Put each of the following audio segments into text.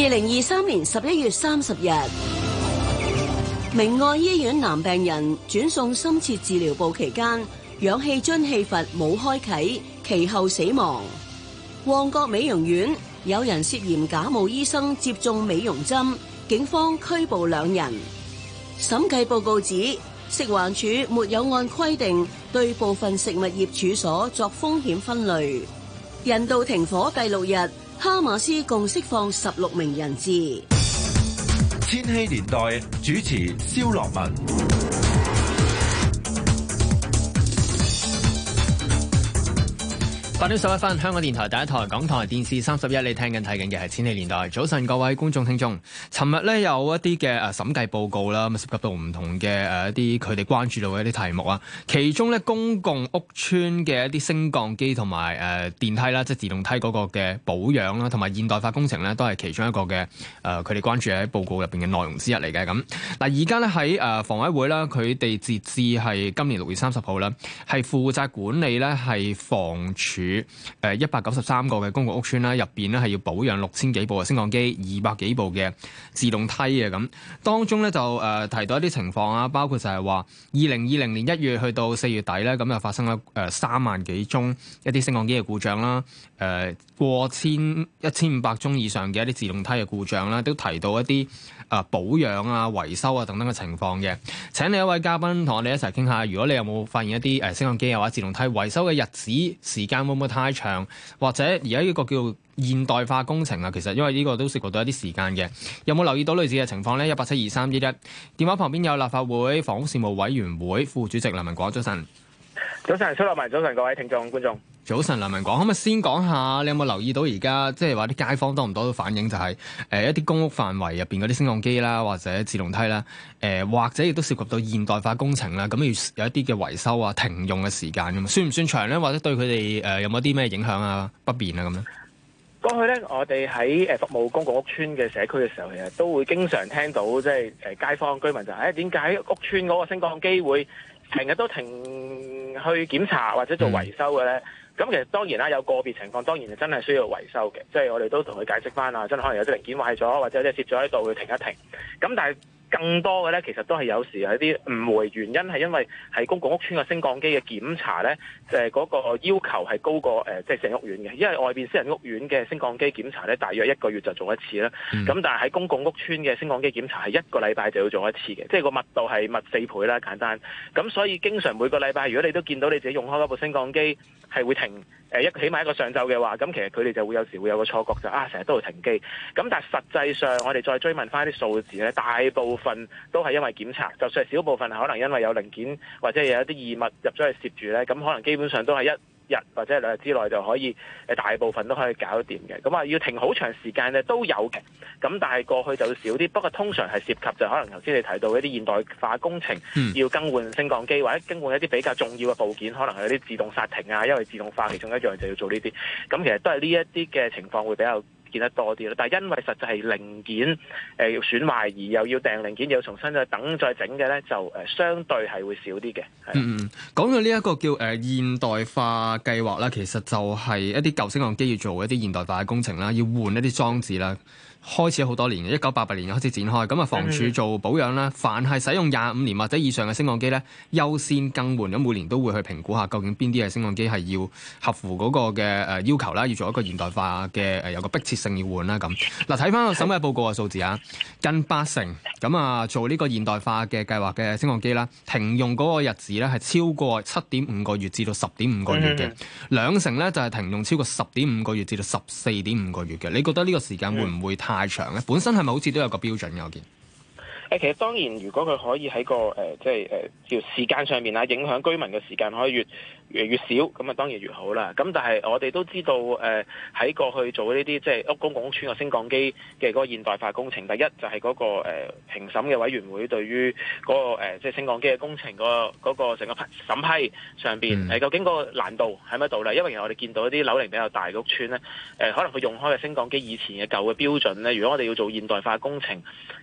二零二三年十一月三十日，明愛醫院男病人轉送深切治療部期間，氧氣樽氣閥冇開啟，其後死亡。旺角美容院有人涉嫌假冒醫生接種美容針，警方拘捕兩人。審計報告指食環署沒有按規定對部分食物業處所作風險分類。人道停火第六日。哈馬斯共釋放十六名人質。千禧年代主持蕭樂文。八點十一分，香港電台第一台，港台電視三十一，你聽緊睇緊嘅係《千禧年代》。早晨，各位觀眾聽眾，尋日咧有一啲嘅誒審計報告啦，咁涉及到唔同嘅誒一啲佢哋關注到嘅一啲題目啊。其中咧公共屋邨嘅一啲升降機同埋誒電梯啦，即係自動梯嗰個嘅保養啦，同埋現代化工程咧，都係其中一個嘅誒佢哋關注喺報告入邊嘅內容之一嚟嘅。咁嗱，而家咧喺誒房委會啦，佢哋截至係今年六月三十號啦，係負責管理咧係房署。誒一百九十三個嘅公共屋，屋邨啦，入邊咧，係要保養六千幾部嘅升降機，二百幾部嘅自動梯嘅。咁當中呢，就誒、呃、提到一啲情況啊，包括就係話二零二零年一月去到四月底呢，咁就發生咗誒三萬幾宗一啲升降機嘅故障啦，誒、呃、過千一千五百宗以上嘅一啲自動梯嘅故障啦，都提到一啲誒、呃、保養啊、維修啊等等嘅情況嘅，請你一位嘉賓同我哋一齊傾下，如果你有冇發現一啲誒升降機又或者自動梯維修嘅日子時間？唔會太長，或者而家呢個叫做現代化工程啊，其實因為呢個都涉及到一啲時間嘅。有冇留意到類似嘅情況呢？一八七二三一一電話旁邊有立法會房屋事務委員會副主席梁文廣，早晨。早晨，出落埋早晨，各位聽眾觀眾。早晨，梁文廣可唔可以先講下，你有冇留意到而家即係話啲街坊多唔多反映，就是，就係誒一啲公屋範圍入邊嗰啲升降機啦，或者自動梯啦，誒、呃、或者亦都涉及到現代化工程啦，咁要有一啲嘅維修啊、停用嘅時間咁算唔算長咧？或者對佢哋誒有冇啲咩影響啊、不便啊咁咧？過去咧，我哋喺誒服務公共屋邨嘅社區嘅時候，其實都會經常聽到，即係誒街坊居民就係點解屋邨嗰個升降機會成日都停去檢查或者做維修嘅咧？嗯咁其實當然啦，有個別情況當然係真係需要維修嘅，即係我哋都同佢解釋翻啦，真係可能有啲零件壞咗，或者有啲蝕咗喺度，會停一停。咁但係，更多嘅咧，其實都係有時有啲誤會。原因係因為喺公共屋邨嘅升降機嘅檢查咧，嗰、就是、個要求係高過誒即係成屋苑嘅，因為外面私人屋苑嘅升降機檢查咧，大約一個月就做一次啦。咁、嗯、但係喺公共屋邨嘅升降機檢查係一個禮拜就要做一次嘅，即、就、係、是、個密度係密四倍啦，簡單。咁所以經常每個禮拜，如果你都見到你自己用開嗰部升降機係會停。誒，一起碼一個上晝嘅話，咁其實佢哋就會有時會有個錯覺就啊，成日都會停機。咁但係實際上，我哋再追問返啲數字咧，大部分都係因為檢查，就算係少部分可能因為有零件或者有一啲異物入咗去攝住咧，咁可能基本上都係一。日或者係兩日之內就可以，誒大部分都可以搞掂嘅。咁啊，要停好長時間咧都有嘅。咁但係過去就會少啲。不過通常係涉及就可能頭先你提到一啲現代化工程，要更換升降機或者更換一啲比較重要嘅部件，可能係有啲自動煞停啊，因為自動化其中一樣就要做呢啲。咁其實都係呢一啲嘅情況會比較見得多啲咯，但係因為實際係零件誒要損壞而又要訂零件又要重新再等再整嘅咧，就誒相對係會少啲嘅係。嗯嗯，講到呢一個叫誒現代化計劃啦，其實就係一啲舊升降機要做一啲現代化嘅工程啦，要換一啲裝置啦。開始咗好多年，一九八八年開始展開咁啊，房署做保養啦。凡係使用廿五年或者以上嘅升降機咧，優先更換咁，每年都會去評估下究竟邊啲嘅升降機係要合乎嗰個嘅誒要求啦，要做一個現代化嘅有個迫切性要換啦咁。嗱，睇翻個審計報告嘅數字啊，近八成咁啊，做呢個現代化嘅計劃嘅升降機啦，停用嗰個日子咧係超過七點五個月至到十點五個月嘅， 兩成咧就係停用超過十點五個月至到十四點五個月嘅。你覺得呢個時間會唔會？太長咧，本身係咪好似都有個標準嘅？我見誒，其實當然，如果佢可以喺個誒，即係誒叫時間上面啊，影響居民嘅時間可以越。越越少咁啊，當然越好啦。咁但係我哋都知道，誒、呃，喺過去做呢啲即係屋公公共屋邨嘅升降機嘅嗰現代化工程，第一就係嗰、那個誒、呃、評審嘅委員會對於嗰、那個誒即係升降機嘅工程嗰、那個嗰、那個成個審批上邊誒、嗯呃、究竟個難度係乜道理，因為其實我哋見到一啲樓齡比較大嘅屋邨咧，誒、呃、可能佢用開嘅升降機以前嘅舊嘅標準咧，如果我哋要做現代化工程，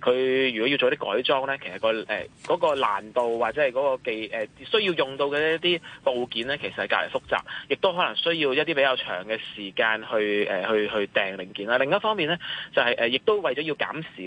佢如果要做啲改裝咧，其實、那個誒嗰、呃那個難度或者係、那、嗰個技誒、呃、需要用到嘅一啲部件其實係較為複雜，亦都可能需要一啲比較長嘅時間去誒、呃、去去訂零件啦。另一方面咧，就係誒亦都為咗要減少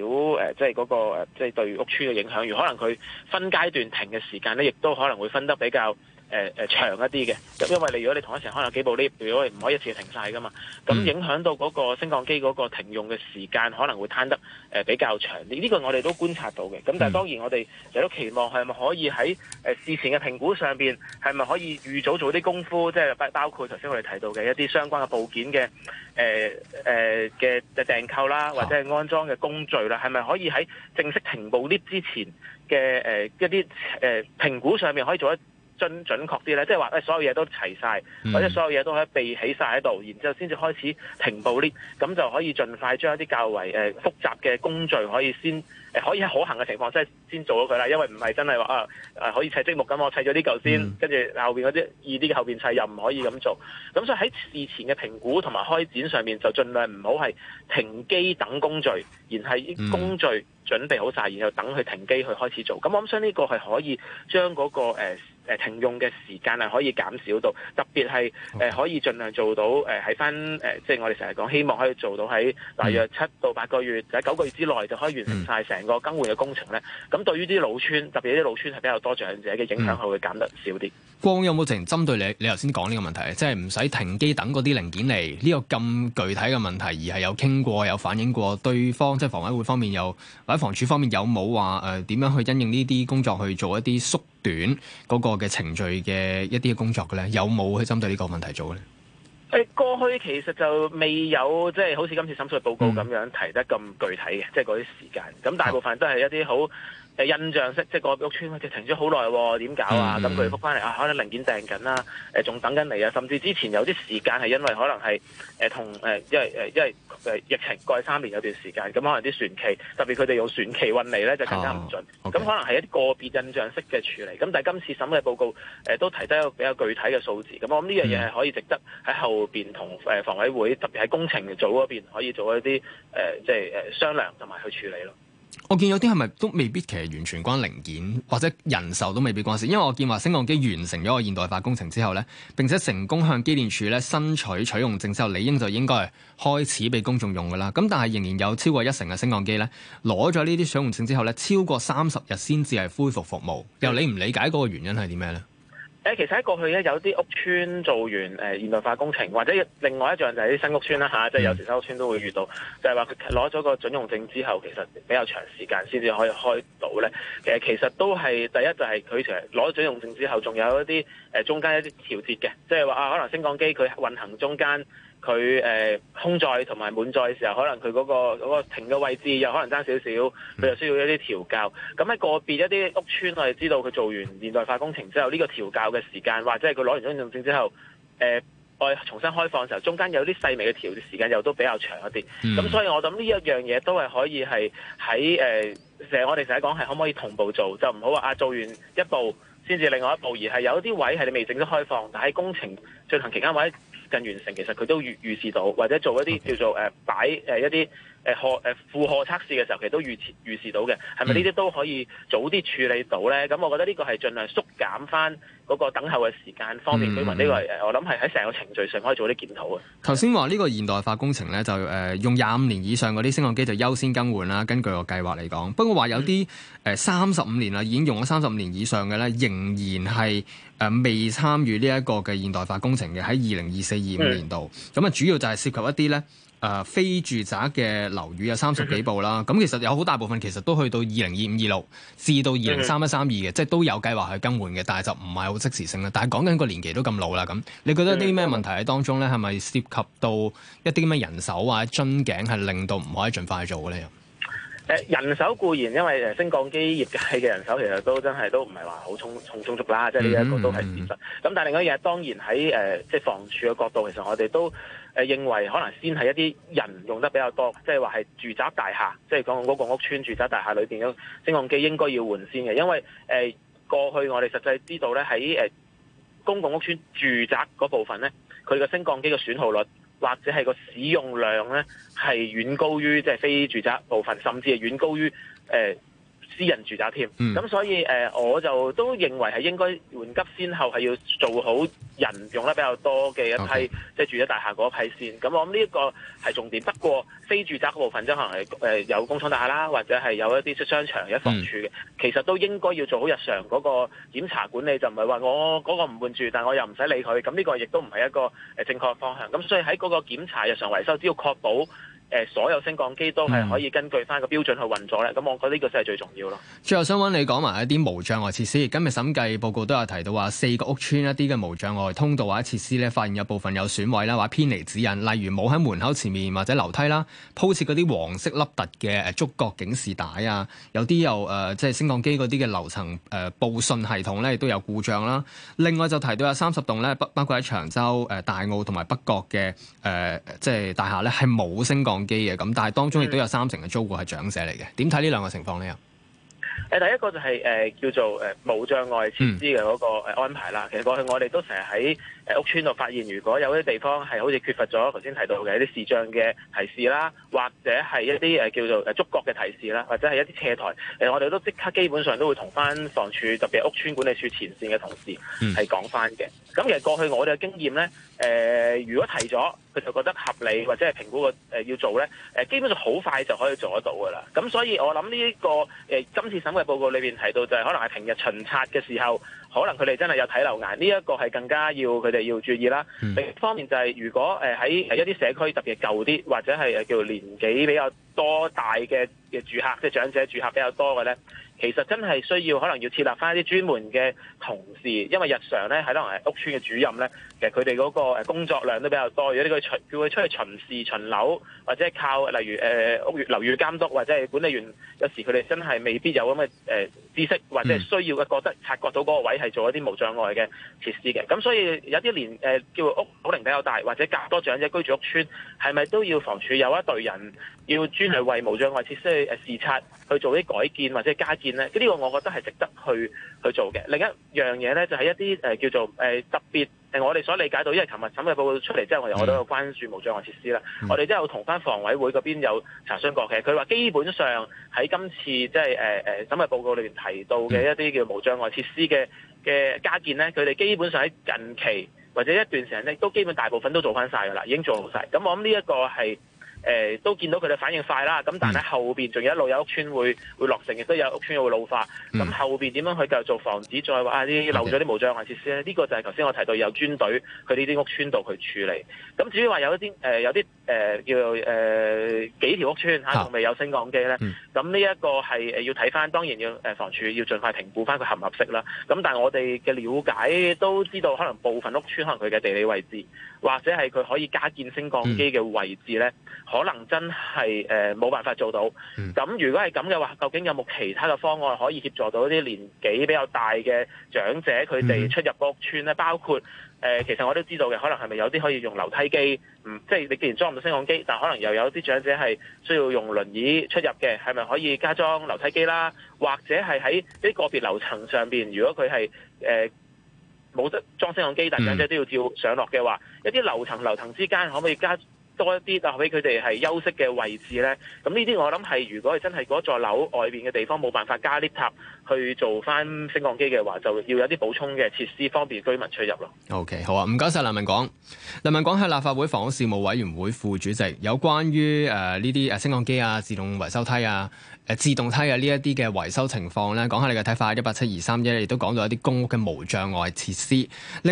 誒，即係嗰個誒，即係對屋村嘅影響。如可能佢分階段停嘅時間咧，亦都可能會分得比較。誒、呃、誒、呃、長一啲嘅，咁因為你如果你同一時間開有幾部 lift，如果你唔可以一次停晒噶嘛，咁影響到嗰個升降機嗰個停用嘅時間可能會攤得誒、呃、比較長。呢、這、呢個我哋都觀察到嘅。咁但係當然我哋亦都期望係咪可以喺誒事前嘅評估上邊係咪可以預早做啲功夫，即、就、係、是、包括頭先我哋提到嘅一啲相關嘅部件嘅誒誒嘅訂購啦，或者係安裝嘅工序啦，係、啊、咪可以喺正式停部 lift 之前嘅誒、呃、一啲誒、呃、評估上面可以做一準準確啲咧，即係話所有嘢都齊晒，或者所有嘢都喺備起晒喺度，然之後先至開始停步呢，咁就可以，盡快將一啲較為誒、呃、複雜嘅工序可以先、呃、可以喺可行嘅情況即係先做咗佢啦。因為唔係真係話啊，啊可以砌積木咁，我砌咗呢嚿先，跟、嗯、住後面嗰啲易啲嘅後面砌又唔可以咁做。咁所以喺事前嘅評估同埋開展上面就盡量唔好係停機等工序，而係工序準備好晒，然後等佢停機去開始做。咁我諗，所以呢個係可以將嗰、那個、呃誒停用嘅時間係可以減少到，特別係誒可以盡量做到誒喺翻誒即係我哋成日講，希望可以做到喺大約七到八個月，喺、mm. 九個月之內就可以完成晒成個更換嘅工程咧。咁、mm. 對於啲老邨，特別啲老邨係比較多長者嘅影響，係會減得少啲。廣、mm. 有冇直情針對你你頭先講呢個問題，即係唔使停機等嗰啲零件嚟呢、呢個咁具體嘅問題，而係有傾過、有反映過對方，即、就、係、是、房委會方面有，或者房署方面有冇話點樣去因應呢啲工作去做一啲縮？短嗰個嘅程序嘅一啲嘅工作嘅咧，有冇去針對呢個問題做咧？誒，過去其實就未有，即係好似今次審計報告咁樣提得咁具體嘅，即係嗰啲時間。咁大部分都係一啲好印象式即係個屋邨咧，停咗好耐喎，點搞啊？咁佢覆返嚟啊，可能零件訂緊啦，誒仲等緊嚟啊。甚至之前有啲時間係因為可能係同、呃、因為因為，因為疫情過去三年有段時間，咁可能啲船期，特別佢哋用船期運嚟咧，就更加唔準。咁、oh, okay. 可能係一啲個別印象式嘅處理。咁但係今次審計報告、呃、都提得一個比較具體嘅數字。咁我諗呢樣嘢係可以值得喺後面同誒房委會，特別喺工程組嗰邊可以做一啲、呃、即係商量同埋去處理咯。我見有啲係咪都未必其實完全關零件或者人手都未必關事，因為我見話升降機完成咗個現代化工程之後咧，並且成功向機電署咧申取取用證之後，理應就應該係開始俾公眾用噶啦。咁但係仍然有超過一成嘅升降機咧，攞咗呢啲取用證之後咧，超過三十日先至係恢復服務，又你唔理解嗰個原因係點咩咧？誒，其實喺過去咧，有啲屋邨做完誒現代化工程，或者另外一樣就係啲新屋邨啦嚇，即、啊、係、就是、有時新屋邨都會遇到，就係話佢攞咗個準用證之後，其實比較長時間先至可以開到咧。其實其實都係第一就係佢其實攞準用證之後，仲有一啲誒、呃、中間一啲調節嘅，即係話啊，可能升降機佢運行中間。佢誒、呃、空載同埋滿載嘅時候，可能佢嗰、那個、個停嘅位置又可能爭少少，佢又需要一啲調校。咁喺個別一啲屋邨，我哋知道佢做完現代化工程之後，呢、這個調校嘅時間或者係佢攞完專用證之後，誒、呃、再重新開放嘅時候，中間有啲細微嘅調時間又都比較長一啲。咁、嗯、所以我諗呢一樣嘢都係可以係喺誒，成日我哋成日講係可唔可以同步做，就唔好話啊做完一步先至另外一步，而係有啲位係你未正式開放，但喺工程進行期間或完成，其實佢都預預示到，或者做一啲、Okay. 叫做誒擺誒一啲。誒負荷測試嘅時候，其實都預示到嘅，係咪呢啲都可以早啲處理到呢？咁、嗯、我覺得呢個係盡量縮減翻嗰個等候嘅時間方面，居民呢個係我諗係喺成個程序上可以做啲檢討嘅。頭先話呢個現代化工程呢，就誒、呃、用廿五年以上嗰啲升降機就優先更換啦。根據個計劃嚟講，不過話有啲誒三十五年啦，已經用咗三十五年以上嘅呢，仍然係誒、呃、未參與呢一個嘅現代化工程嘅。喺二零二四、二五年度，咁、嗯、啊主要就係涉及一啲呢。誒、呃、非住宅嘅樓宇有三十幾部啦，咁、嗯、其實有好大部分其實都去到二零二五、二六至到二零三一、三二嘅，即係都有計劃去更換嘅，但係就唔係好即時性啦。但係講緊個年期都咁老啦，咁你覺得啲咩問題喺當中咧？係咪涉及到一啲咩人手或者樽頸係令到唔可以盡快做嘅咧、呃？人手固然，因為升降機業界嘅人手其實都真係都唔係話好充充，充足啦，即係呢一個都係事實。咁、嗯嗯、但係另一樣嘢，當然喺誒、呃、即係房署嘅角度，其實我哋都。誒認為可能先係一啲人用得比較多，即係話係住宅大廈，即係講緊屋邨住宅大廈裏面嘅升降機應該要換先嘅，因為誒、呃、過去我哋實際知道咧，喺公共屋邨住宅嗰部分咧，佢個升降機嘅損耗率或者係個使用量咧，係遠高於即係非住宅部分，甚至係遠高於誒。呃私人住宅添，咁、嗯、所以誒、呃，我就都認為係應該緩急先後，係要做好人用得比較多嘅一批，即、okay。係住喺大廈嗰一批先。咁我諗呢一個係重點。不過非住宅嗰部分，即係可能係誒有工廠大廈啦，或者係有一啲商場一房署嘅、嗯，其實都應該要做好日常嗰個檢查管理，就唔係話我嗰個唔換住，但我又唔使理佢。咁呢個亦都唔係一個誒正確方向。咁所以喺嗰個檢查、日常維修，只要確保。誒所有升降機都係可以根據翻個標準去運作咧，咁、嗯、我覺得呢個真係最重要咯。最後想揾你講埋一啲無障礙設施。今日審計報告都有提到話，四個屋邨一啲嘅無障礙通道或者設施咧，發現有部分有損毀啦，或者偏離指引，例如冇喺門口前面或者樓梯啦，鋪設嗰啲黃色凹凸嘅觸覺警示帶啊。有啲又誒，即、呃、係、就是、升降機嗰啲嘅樓層誒報信系統咧，亦都有故障啦。另外就提到有三十棟咧，包包括喺長洲誒、呃、大澳同埋北角嘅誒即係大廈咧，係冇升降機。機嘅咁，但係當中亦都有三成嘅租戶係長者嚟嘅，點睇呢兩個情況呢？誒，第一個就係、是、誒、呃、叫做誒、呃、無障礙設施嘅嗰個誒安排啦。嗯、其實過去我哋都成日喺。屋邨度發現，如果有啲地方係好似缺乏咗頭先提到嘅一啲視像嘅提示啦，或者係一啲、呃、叫做誒觸覺嘅提示啦，或者係一啲斜台，誒、呃、我哋都即刻基本上都會同翻房署特別屋邨管理處前線嘅同事係講翻嘅。咁、嗯、其實過去我哋嘅經驗呢，呃、如果提咗佢就覺得合理或者係評估要做呢，呃、基本上好快就可以做得到噶啦。咁所以我諗呢、這個誒、呃、今次審嘅報告裏面提到就係可能係平日巡察嘅時候，可能佢哋真係有睇漏眼，呢、這、一個係更加要佢。就要注意啦。另一方面就係，如果誒喺一啲社區特別舊啲，或者係誒叫做年紀比較多大嘅嘅住客，即係長者住客比較多嘅咧。其實真係需要可能要設立翻一啲專門嘅同事，因為日常咧可能係屋邨嘅主任咧，其實佢哋嗰個工作量都比較多，如果佢巡叫佢出去巡視巡樓，或者係靠例如誒屋宇樓宇監督或者係管理員，有時佢哋真係未必有咁嘅、呃、知識，或者係需要嘅覺得察覺到嗰個位係做一啲無障礙嘅設施嘅，咁所以有啲年誒叫屋樓齡比較大或者隔多長者居住屋邨，係咪都要房署有一隊人要專去為無障礙設施去誒視察，去做啲改建或者加。呢、這個我覺得係值得去去做嘅。另一樣嘢呢，就係、是、一啲誒、呃、叫做誒、呃、特別誒，我哋所理解到，因為尋日審計報告出嚟之後，我都有關注無障礙設施啦、嗯。我哋都有同翻房委會嗰邊有查詢過嘅，佢話基本上喺今次即係誒誒審計報告裏面提到嘅一啲叫無障礙設施嘅嘅加建呢，佢哋基本上喺近期或者一段時間呢，都基本大部分都做翻晒噶啦，已經做好晒。咁我諗呢一個係。誒都見到佢哋反應快啦，咁但係後面仲有一路有屋邨會會落成，亦都有屋邨會老化。咁、嗯、後面點樣去繼續做防止，再話啲漏咗啲無障礙設施咧？呢、呢個就係頭先我提到有專隊去呢啲屋邨度去處理。咁至於話有一啲誒有啲誒、呃、叫做誒、呃、幾條屋邨吓仲未有升降機咧，咁呢一個係要睇翻，當然要誒房署要盡快評估翻佢合唔合適啦。咁但係我哋嘅了解都知道，可能部分屋邨可能佢嘅地理位置。或者係佢可以加建升降機嘅位置呢，嗯、可能真係誒冇辦法做到。咁、嗯、如果係咁嘅話，究竟有冇其他嘅方案可以協助到一啲年紀比較大嘅長者佢哋出入屋邨呢？包括誒、呃，其實我都知道嘅，可能係咪有啲可以用樓梯機？嗯，即、就、係、是、你既然裝唔到升降機，但可能又有啲長者係需要用輪椅出入嘅，係咪可以加裝樓梯機啦？或者係喺啲個別樓層上面，如果佢係誒？呃冇得裝升降機，但係嘅都要照上落嘅話，一啲樓層樓層之間可唔可以加多一啲啊？俾佢哋係休息嘅位置呢？咁呢啲我諗係如果係真係嗰座樓外邊嘅地方冇辦法加啲塔去做翻升降機嘅話，就要有啲補充嘅設施方便居民出入咯。OK，好啊，唔該晒。梁文廣。梁文廣係立法會房屋事務委員會副主席，有關於誒呢啲誒升降機啊、自動維修梯啊。誒自動梯嘅呢一啲嘅維修情況咧，講下你嘅睇法。一八七二三一亦都講到一啲公屋嘅無障礙設施。